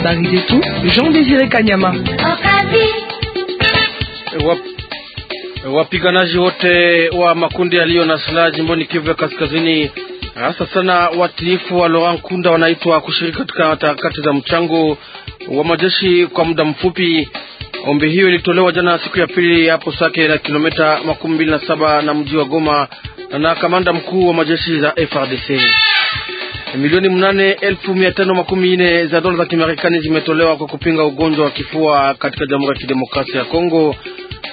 Habari zetu Jean Desire Kanyama. wapiganaji wote wa makundi yaliyo na silaha jimboni Kivu ya Kaskazini, hasa ah, sana watiifu wa Laurent Kunda, wanaitwa kushiriki katika harakati za mchango wa majeshi kwa muda mfupi. Ombi hiyo ilitolewa jana siku ya pili hapo Sake na kilomita makumi mbili na saba na mji wa Goma na kamanda mkuu wa majeshi za FRDC. Milioni mnane elfu mia tano makumi nne za dola za Kimarekani zimetolewa kwa kupinga ugonjwa wa kifua katika Jamhuri ya Kidemokrasia ya Kongo.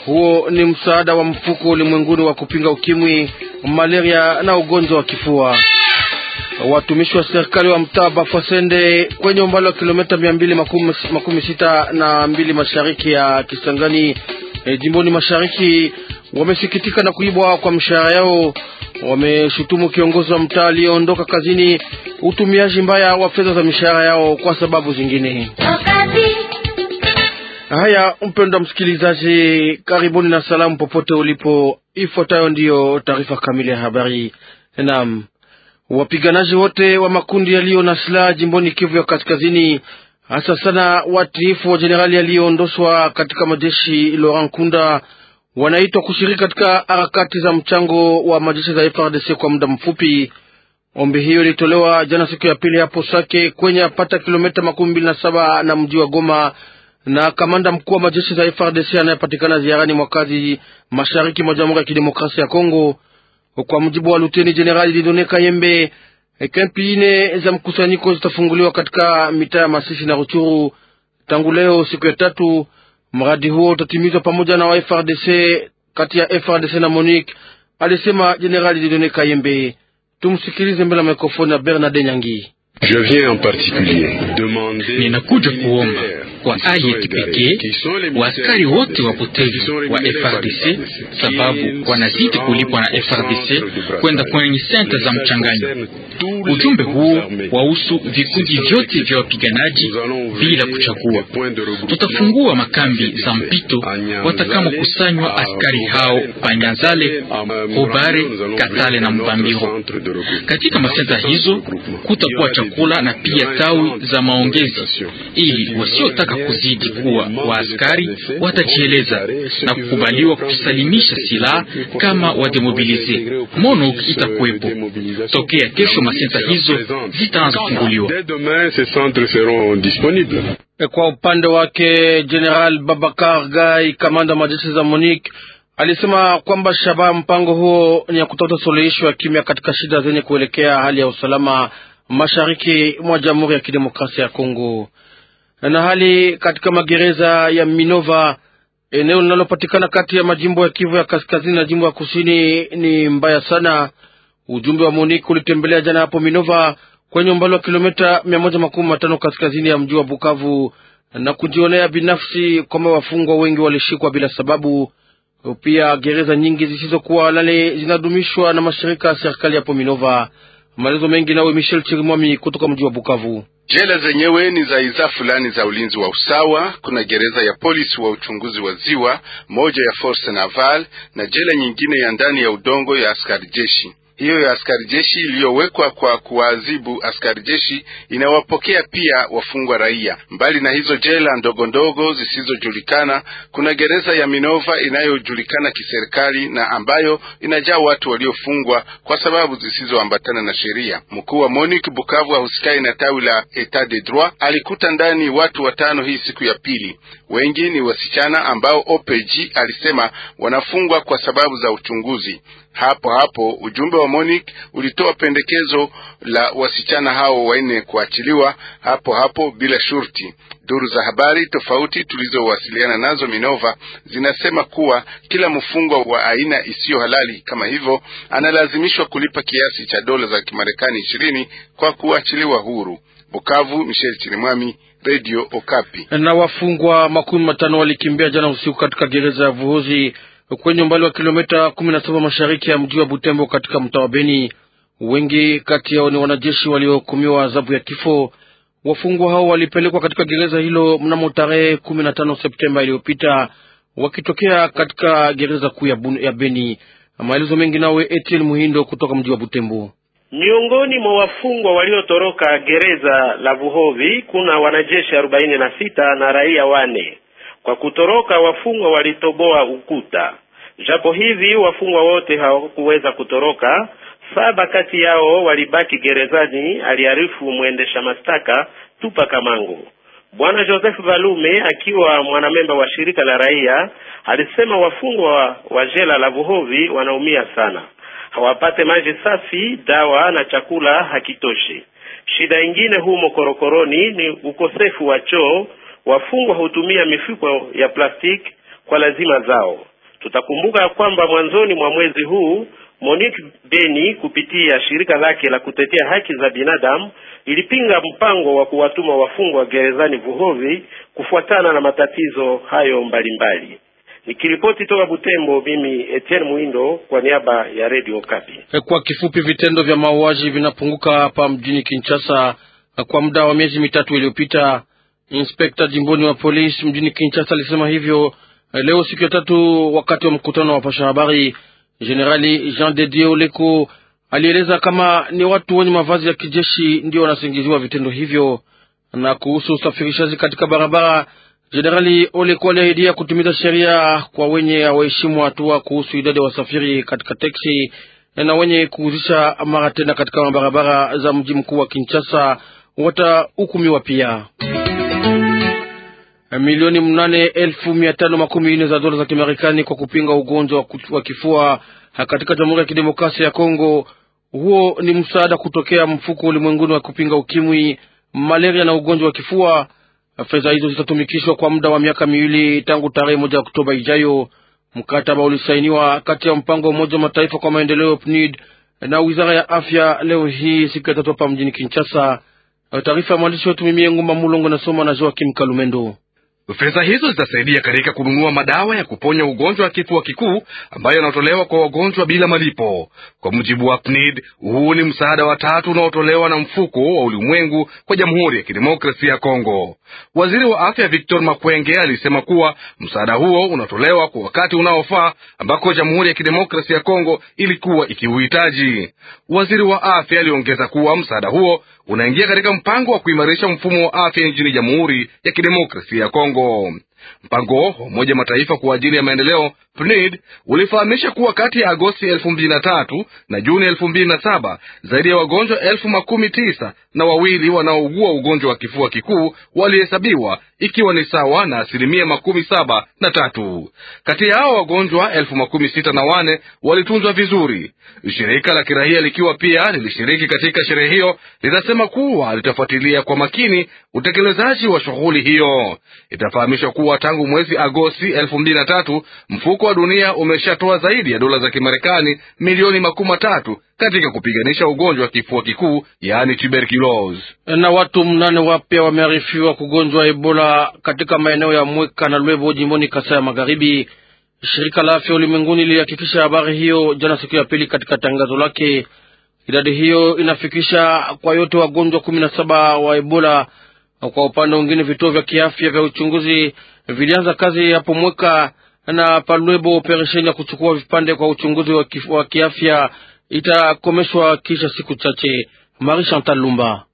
Huo ni msaada wa mfuko ulimwenguni wa kupinga ukimwi, malaria na ugonjwa wa kifua. Watumishi wa serikali wa mtaa Bafwasende kwenye umbali wa kilomita mia mbili makumi sita na mbili mashariki ya Kisangani e, jimboni mashariki wamesikitika na kuibwa kwa mshahara yao. Wameshutumu kiongozi wa mtaa aliyeondoka kazini utumiaji mbaya wa fedha za mishahara yao kwa sababu zingine. Haya, mpendwa msikilizaji, karibuni na salamu popote ulipo. Ifuatayo ndiyo taarifa kamili ya habari. Naam, wapiganaji wote wa makundi yaliyo na silaha jimboni Kivu ya Kaskazini, hasa sana watiifu wa jenerali aliyoondoshwa katika majeshi Laurent Kunda, wanaitwa kushiriki katika harakati za mchango wa majeshi za FRDC kwa muda mfupi Ombi hiyo ilitolewa jana siku ya pili hapo Sake, kwenye apata kilomita makumi mbili na saba na mji wa Goma na kamanda mkuu wa majeshi za frdc anayepatikana ziarani mwakazi mashariki mwa Jamhuri ya Kidemokrasia ya Kongo. Kwa mujibu wa Luteni Jenerali Didone Kayembe, kampi ine za mkusanyiko zitafunguliwa katika mitaa ya Masisi na Ruchuru tangu leo siku ya tatu. Mradi huo utatimizwa pamoja na wa kati ya frdc na Monique, alisema Jenerali Didone Kayembe. Tumsikilize mbele ya mikrofoni ya Bernard Nyangi. Ninakuja kuomba kwa hali ya kipekee waaskari wote wapotevu wa FRDC sababu wanazidi kulipwa na FRDC kwenda kwenye senta za mchanganyo. Ujumbe huo wahusu vikundi vyote vya wapiganaji bila kuchagua. Tutafungua makambi za mpito watakamokusanywa askari hao Panyanzale, Hobare, Katale na Mbambiro. Katika masenta hizo kutakuwa chakula na pia tawi za maongezi, ili wasiotaka kuzidi kuwa waaskari watajieleza na kukubaliwa kusalimisha silaha kama wademobilize. MONUC itakuwepo tokea kesho, masenta hizo zitaanza kufunguliwa. Eh, kwa upande wake General Babakar Gai, kamanda wa majeshi za MONUC alisema kwamba shabaha mpango huo ni ya kutafuta suluhisho ya kimya katika shida zenye kuelekea hali ya usalama mashariki mwa Jamhuri ya Kidemokrasia ya Kongo, na hali katika magereza ya Minova, eneo linalopatikana kati ya majimbo ya Kivu ya kaskazini na jimbo ya kusini, ni mbaya sana. Ujumbe wa MONUC ulitembelea jana hapo Minova kwenye umbali wa kilomita mia moja makumi matano kaskazini ya mji wa Bukavu na kujionea binafsi kwamba wafungwa wengi walishikwa bila sababu. Pia gereza nyingi zisizokuwa halali zinadumishwa na mashirika ya serikali hapo Minova. Maelezo mengi nawe Michel Chirimwami kutoka mji wa Bukavu. Jela zenyewe ni za idhaa fulani za ulinzi wa usawa. Kuna gereza ya polisi wa uchunguzi wa ziwa, moja ya force naval na jela nyingine ya ndani ya udongo ya askari jeshi hiyo ya askari jeshi iliyowekwa kwa kuwaadhibu askari jeshi inawapokea pia wafungwa raia. Mbali na hizo jela ndogo ndogo zisizojulikana, kuna gereza ya Minova inayojulikana kiserikali na ambayo inajaa watu waliofungwa kwa sababu zisizoambatana na sheria. Mkuu wa monik Bukavu ahusikai na tawi la Etat de Droit alikuta ndani watu watano hii siku ya pili. Wengi ni wasichana ambao OPG alisema wanafungwa kwa sababu za uchunguzi. Hapo hapo ujumbe wa MONUC ulitoa pendekezo la wasichana hao wanne kuachiliwa hapo hapo bila shurti. Duru za habari tofauti tulizowasiliana nazo Minova zinasema kuwa kila mfungwa wa aina isiyo halali kama hivyo analazimishwa kulipa kiasi cha dola za Kimarekani ishirini kwa kuachiliwa huru. Bukavu, Michel Chirimwami, Radio Okapi. Na wafungwa makumi matano walikimbia jana usiku katika gereza ya Vuhuzi kwenye umbali wa kilomita kumi na saba mashariki ya mji wa Butembo katika mtaa wa Beni. Wengi kati yao ni wanajeshi waliohukumiwa adhabu ya kifo. Wafungwa hao walipelekwa katika gereza hilo mnamo tarehe kumi na tano Septemba iliyopita wakitokea katika gereza kuu ya Beni. Maelezo mengi nawe Etiel Muhindo kutoka mji wa Butembo. Miongoni mwa wafungwa waliotoroka gereza la Vuhovi kuna wanajeshi arobaini na sita na raia wane. Kwa kutoroka wafungwa walitoboa ukuta. Japo hivi wafungwa wote hawakuweza kutoroka, saba kati yao walibaki gerezani, aliarifu mwendesha mashtaka Tupa Kamangu. Bwana Joseph Balume akiwa mwanamemba wa shirika la raia alisema wafungwa wa jela la Vuhovi wanaumia sana, hawapate maji safi, dawa na chakula hakitoshi. Shida ingine humo korokoroni ni ukosefu wa choo Wafungwa hutumia mifuko ya plastiki kwa lazima zao. Tutakumbuka ya kwamba mwanzoni mwa mwezi huu Monique beni kupitia shirika lake la kutetea haki za binadamu ilipinga mpango wa kuwatuma wafungwa gerezani Vuhovi kufuatana na matatizo hayo mbalimbali Nikiripoti toka Butembo, mimi Etienne Mwindo kwa niaba ya Radio Kapi. Eh, kwa kifupi, vitendo vya mauaji vinapunguka hapa mjini Kinshasa eh, kwa muda wa miezi mitatu iliyopita. Inspekta jimboni wa polisi mjini Kinshasa alisema hivyo eh, leo siku ya tatu, wakati wa mkutano wa pasha habari. Jenerali Jean de Dieu Leko alieleza kama ni watu wenye mavazi ya kijeshi ndio wanasingiziwa vitendo hivyo. Na kuhusu usafirishaji katika barabara, Jenerali Oleko aliahidia kutimiza sheria kwa wenye hawaheshimu hatua kuhusu idadi ya wasafiri katika teksi eh, na wenye kuuzisha mara tena katika mabarabara za mji mkuu wa Kinshasa watahukumiwa pia milioni mnane elfu mia tano makumi nne za dola za Kimarekani kwa kupinga ugonjwa wa kifua katika Jamhuri ya Kidemokrasia ya Kongo. Huo ni msaada kutokea mfuko ulimwenguni wa kupinga ukimwi, malaria na ugonjwa wa kifua. Fedha hizo zitatumikishwa kwa muda wa miaka miwili tangu tarehe moja Oktoba ijayo. Mkataba ulisainiwa kati ya mpango wa Umoja wa Mataifa kwa maendeleo PNUD na wizara ya afya leo hii siku ya tatu hapa mjini Kinshasa. Taarifa ya mwandishi wetu mimi Ngumba Mulongo nasoma na Joakim Kalumendo. Fedha hizo zitasaidia katika kununua madawa ya kuponya ugonjwa wa kifua kikuu ambayo yanaotolewa kwa wagonjwa bila malipo. Kwa mujibu wa PNID, huu ni msaada wa tatu unaotolewa na mfuko wa ulimwengu kwa Jamhuri ya Kidemokrasia ya Kongo. Waziri wa afya Victor Makwenge alisema kuwa msaada huo unatolewa kwa wakati unaofaa ambako Jamhuri ya Kidemokrasia ya Kongo ilikuwa ikiuhitaji. Waziri wa afya aliongeza kuwa msaada huo unaingia katika mpango wa kuimarisha mfumo wa afya nchini Jamhuri ya Kidemokrasia ya Kongo. Mpango wa Umoja Mataifa kwa ajili ya maendeleo PNID ulifahamisha kuwa kati ya Agosti elfu mbili na tatu na Juni elfu mbili na saba zaidi ya wagonjwa elfu makumi tisa na wawili wanaougua ugonjwa wa kifua kikuu walihesabiwa ikiwa ni sawa na asilimia makumi saba na tatu. Kati ya hao wagonjwa elfu makumi sita na wane walitunzwa vizuri. Shirika la kiraia likiwa pia lilishiriki katika sherehe hiyo linasema kuwa litafuatilia kwa makini utekelezaji wa shughuli hiyo. Itafahamishwa kuwa tangu mwezi Agosti elfu mbili na tatu mfuko wa dunia umeshatoa zaidi ya dola za Kimarekani milioni makumi matatu katika kupiganisha ugonjwa wa kifua kikuu yaani tuberculosis. Na watu mnane wapya wamearifiwa kugonjwa Ebola katika maeneo ya Mweka na Lwebo jimboni Kasai ya Magharibi. Shirika la Afya Ulimwenguni lilihakikisha habari hiyo jana siku ya pili katika tangazo lake. Idadi hiyo inafikisha kwa yote wagonjwa kumi na saba wa Ebola. Kwa upande mwingine, vituo vya kiafya vya uchunguzi vilianza kazi hapo Mweka na Palwebo, operesheni ya kuchukua vipande kwa uchunguzi wa kiafya itakomeshwa kisha siku chache. Marie Chantal Lumba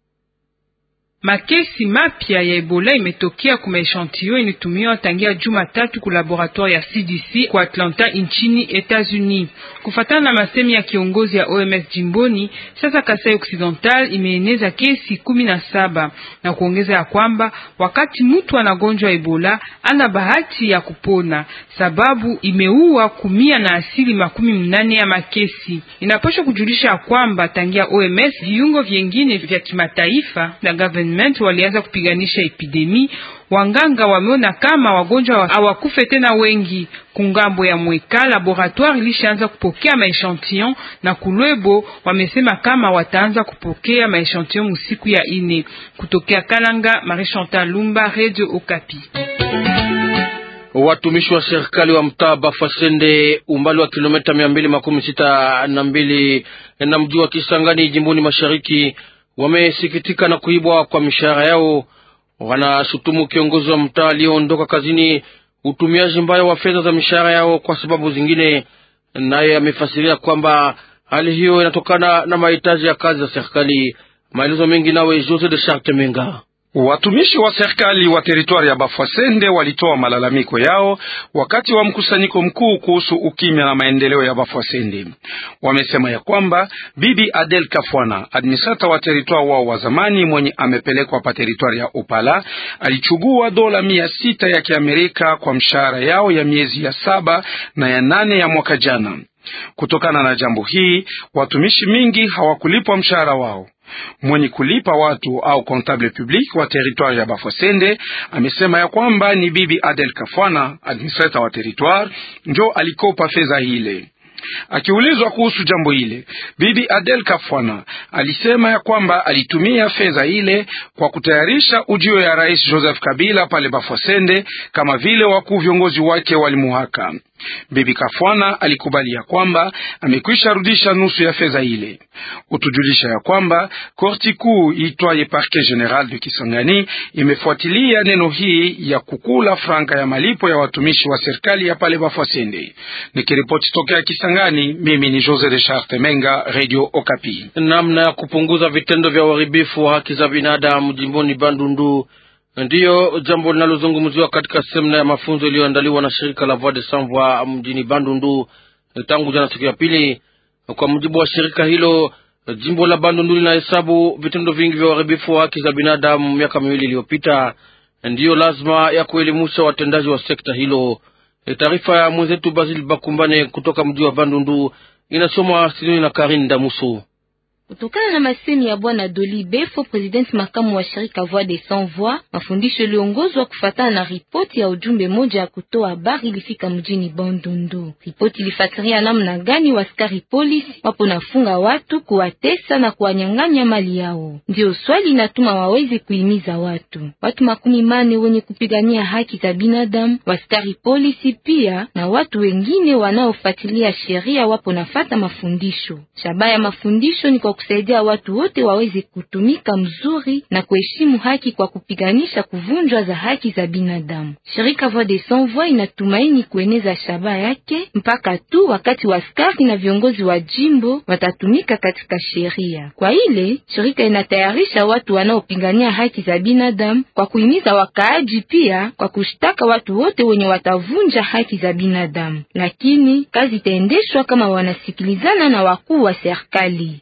Makesi mapya ya Ebola imetokea kwa eshantio inatumiwa tangia Jumatatu ku laboratoire ya CDC kwa Atlanta nchini Etats-Unis. Kufatana na masemi ya kiongozi ya OMS jimboni, sasa Kasai Occidental imeeneza kesi kumi na saba na kuongeza ya kwamba wakati mtu anagonjwa Ebola ana bahati ya kupona, sababu imeua kumia na asili makumi mnane ya makesi. Inapaswa kujulisha ya kwamba tangia OMS viungo vyengine vya kimataifa na government Confinement walianza kupiganisha epidemi, wanganga wameona kama wagonjwa hawakufe tena wengi. Kungambo ya Mweka, laboratoire ilishaanza kupokea maechantillon na Kulwebo wamesema kama wataanza kupokea maechantillon usiku ya ine. Kutokea Kalanga, Marie Chantal Lumba, Radio Okapi. Watumishi wa serikali wa mtaa Bafasende umbali wa kilomita mia mbili makumi sita na mbili na mji wa Kisangani jimboni mashariki wamesikitika na kuibwa kwa mishahara yao. Wanashutumu kiongozi wa mtaa aliyoondoka kazini utumiaji mbaya wa fedha za mishahara yao kwa sababu zingine. Naye amefasiria kwamba hali hiyo inatokana na mahitaji ya kazi za serikali. Maelezo mengi nawe Jose de Charte Menga. Watumishi wa serikali wa teritwari ya Bafwasende walitoa malalamiko yao wakati wa mkusanyiko mkuu kuhusu ukimya na maendeleo ya Bafwasende. Wamesema ya kwamba bibi Adel Kafwana, administrator wa teritwari wao wa zamani, mwenye amepelekwa pa teritwari ya Opala, alichugua dola mia sita ya Kiamerika kwa mshahara yao ya miezi ya saba na ya nane ya mwaka jana. Kutokana na jambo hii, watumishi mingi hawakulipwa mshahara wao mwenye kulipa watu au comptable public wa territoire ya Bafwasende amesema ya kwamba ni bibi Adel Kafwana, administrator wa territoire, njo alikopa fedha ile. Akiulizwa kuhusu jambo ile, bibi Adel Kafwana alisema ya kwamba alitumia fedha ile kwa kutayarisha ujio ya rais Joseph Kabila pale Bafwasende, kama vile wakuu viongozi wake walimuhaka Bibi Kafwana alikubali ya kwamba amekwisha rudisha nusu ya fedha ile. Utujulisha ya kwamba korti kuu itwaye Parquet General de Kisangani imefuatilia neno hii ya kukula franka ya malipo ya watumishi wa serikali ya pale Bafwasende. Nikiripoti tokea Kisangani, mimi ni Jose Richard Temenga, Radio Okapi. Namna ya kupunguza vitendo vya uharibifu wa haki za binadamu jimboni Bandundu Ndiyo jambo linalozungumziwa katika semina ya mafunzo iliyoandaliwa na shirika la Voix de Sans Voix mjini Bandundu tangu jana siku ya pili. Kwa mujibu wa shirika hilo, jimbo la Bandundu linahesabu vitendo vingi vya uharibifu wa haki za binadamu miaka miwili iliyopita. Ndiyo lazima ya kuelimisha watendaji wa sekta hilo. E, taarifa ya mwenzetu Basil Bakumbane kutoka mji wa Bandundu inasomwa studioni na Karin Damusu. Kutokana na masemi ya Bwana Doli Befo, presidenti makamu wa shirika Voix des Sans Voix, mafundisho liongozwa kufatana na ripoti ya ujumbe moja ya kutoa habari ilifika mjini Bandundu. Ripoti ilifasiria namna gani waskari polisi wapo nafunga watu, kuwatesa na kuwanyang'anya mali yao. Ndio swali inatuma wawezi kuimiza watu watu makumi mane wenye kupigania haki za binadamu, waskari polisi pia na watu wengine wanaofuatilia sheria wapo nafata mafundisho. Shabaha ya mafundisho ni kwa kusaidia watu wote waweze kutumika mzuri na kuheshimu haki kwa kupiganisha kuvunjwa za haki za binadamu. Shirika Voix des Sans Voix inatumaini kueneza shaba yake mpaka tu wakati wa askari na viongozi wa jimbo watatumika katika sheria. Kwa ile shirika inatayarisha watu wanaopigania haki za binadamu kwa kuhimiza wakaaji, pia kwa kushtaka watu wote wenye watavunja haki za binadamu, lakini kazi itaendeshwa kama wanasikilizana na wakuu wa serikali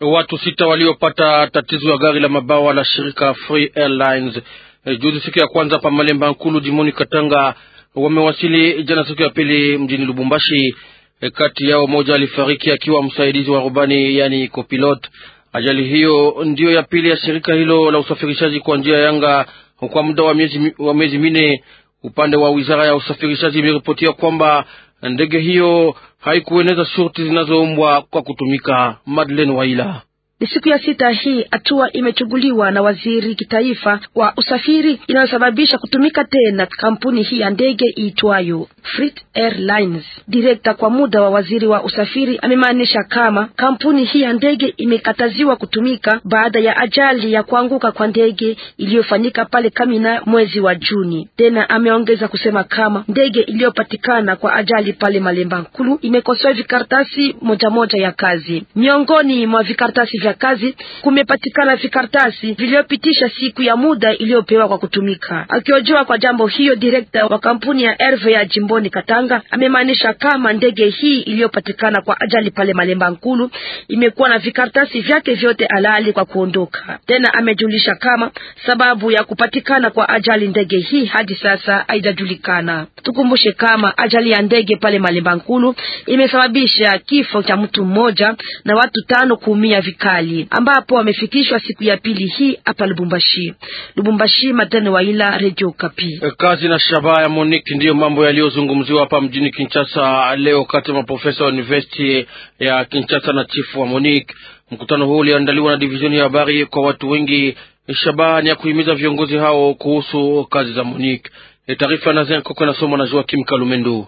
watu sita waliopata tatizo ya gari la mabawa la shirika Free Airlines e, juzi siku ya kwanza pa Malemba Nkulu jimoni Katanga wamewasili jana siku ya pili mjini Lubumbashi. E, kati yao moja alifariki akiwa msaidizi wa rubani, yani copilot. Ajali hiyo ndiyo ya pili ya shirika hilo la usafirishaji kwa njia yanga kwa muda wa miezi, wa miezi mine. Upande wa wizara ya usafirishaji imeripotia kwamba ndege hiyo haikueneza shurti zinazoombwa kwa kutumika. Madeleine Waila ni Siku ya sita hii hatua imechuguliwa na waziri kitaifa wa usafiri inayosababisha kutumika tena kampuni hii ya ndege iitwayo Frit Airlines. Direkta kwa muda wa waziri wa usafiri amemaanisha kama kampuni hii ya ndege imekataziwa kutumika baada ya ajali ya kuanguka kwa ndege iliyofanyika pale Kamina mwezi wa Juni. Tena ameongeza kusema kama ndege iliyopatikana kwa ajali pale Malemba Nkulu imekosoa vikartasi moja moja ya kazi. Miongoni mwa vikartasi vya kazi kumepatikana vikartasi vilivyopitisha siku ya muda iliyopewa kwa kutumika. Akiojua kwa jambo hiyo, direkta wa kampuni ya RV ya jimbo Amboni Katanga amemaanisha kama ndege hii iliyopatikana kwa ajali pale Malemba Nkulu imekuwa na vikaratasi vyake vyote halali kwa kuondoka tena. Amejulisha kama sababu ya kupatikana kwa ajali ndege hii hadi sasa haijajulikana. Tukumbushe kama ajali ya ndege pale Malemba Nkulu imesababisha kifo cha mtu mmoja na watu tano kuumia vikali, ambapo wamefikishwa siku ya pili hii hapa Lubumbashi. Lubumbashi, Matene Waila, Radio Kapi. Kazi na shabaha ya Monique ndiyo mambo yaliyozungumzwa ilizungumziwa hapa mjini Kinshasa leo kati ya maprofesa wa university ya Kinshasa na chifu wa Monique. Mkutano huu uliandaliwa na divisioni ya habari kwa watu wengi, shabaha ni ya kuhimiza viongozi hao kuhusu kazi za Monique. E, taarifa Nazen Koko inasomwa na Joakim Kalumendu.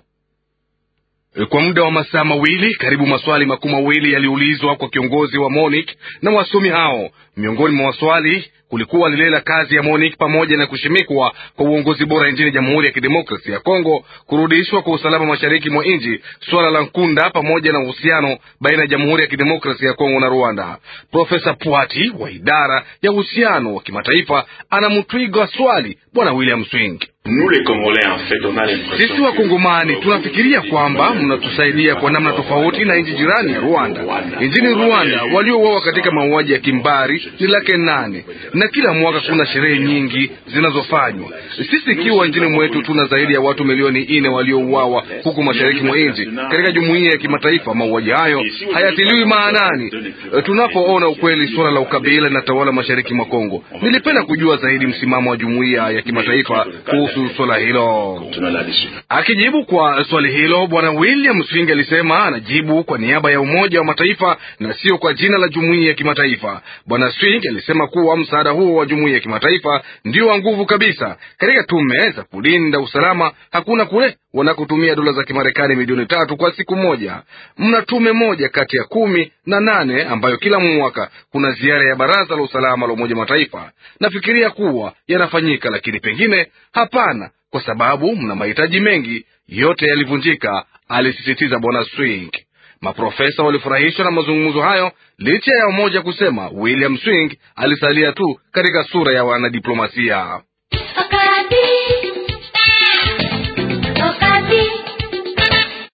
E, kwa muda wa masaa mawili karibu maswali makuu mawili yaliulizwa kwa kiongozi wa Monique na wasomi hao. Miongoni mwa maswali kulikuwa lile la kazi ya MONUC pamoja na kushimikwa kwa uongozi bora nchini Jamhuri ya Kidemokrasia ya Kongo, kurudishwa kwa usalama mashariki mwa nchi, suala la Nkunda pamoja na uhusiano baina ya Jamhuri ya Kidemokrasia ya Kongo na Rwanda. Profesa Pwati wa idara ya uhusiano wa kimataifa anamtwiga swali Bwana William Swing. Sisi Wakongomani tunafikiria kwamba mnatusaidia kwa namna tofauti na nchi jirani ya Rwanda. Nchini Rwanda waliouawa katika mauaji ya kimbari ni laki nane na kila mwaka kuna sherehe nyingi zinazofanywa. Sisi ikiwa nchini mwetu tuna zaidi ya watu milioni nne waliouawa huku mashariki mwa nchi. Katika jumuiya ya kimataifa mauaji hayo hayatiliwi maanani tunapoona ukweli suala la ukabila linatawala mashariki mwa Kongo. Nilipenda kujua zaidi msimamo wa jumuiya ya kimataifa kuhusu kuhusu swala hilo. Akijibu kwa swali hilo, bwana William Swing alisema anajibu kwa niaba ya Umoja wa Mataifa na sio kwa jina la jumuiya ya kimataifa. Bwana Swing alisema kuwa msaada huo wa jumuiya ya kimataifa ndio wa nguvu kabisa. Katika tume za kulinda usalama hakuna kule wanakotumia dola za Kimarekani milioni tatu kwa siku moja. Mna tume moja kati ya kumi na nane ambayo kila mwaka kuna ziara ya Baraza la Usalama la Umoja Mataifa. Nafikiria kuwa yanafanyika, lakini pengine hapana, kwa sababu mna mahitaji mengi. Yote yalivunjika, alisisitiza Bwana Swing. Maprofesa walifurahishwa na mazungumzo hayo licha ya mmoja kusema William Swing alisalia tu katika sura ya wanadiplomasia.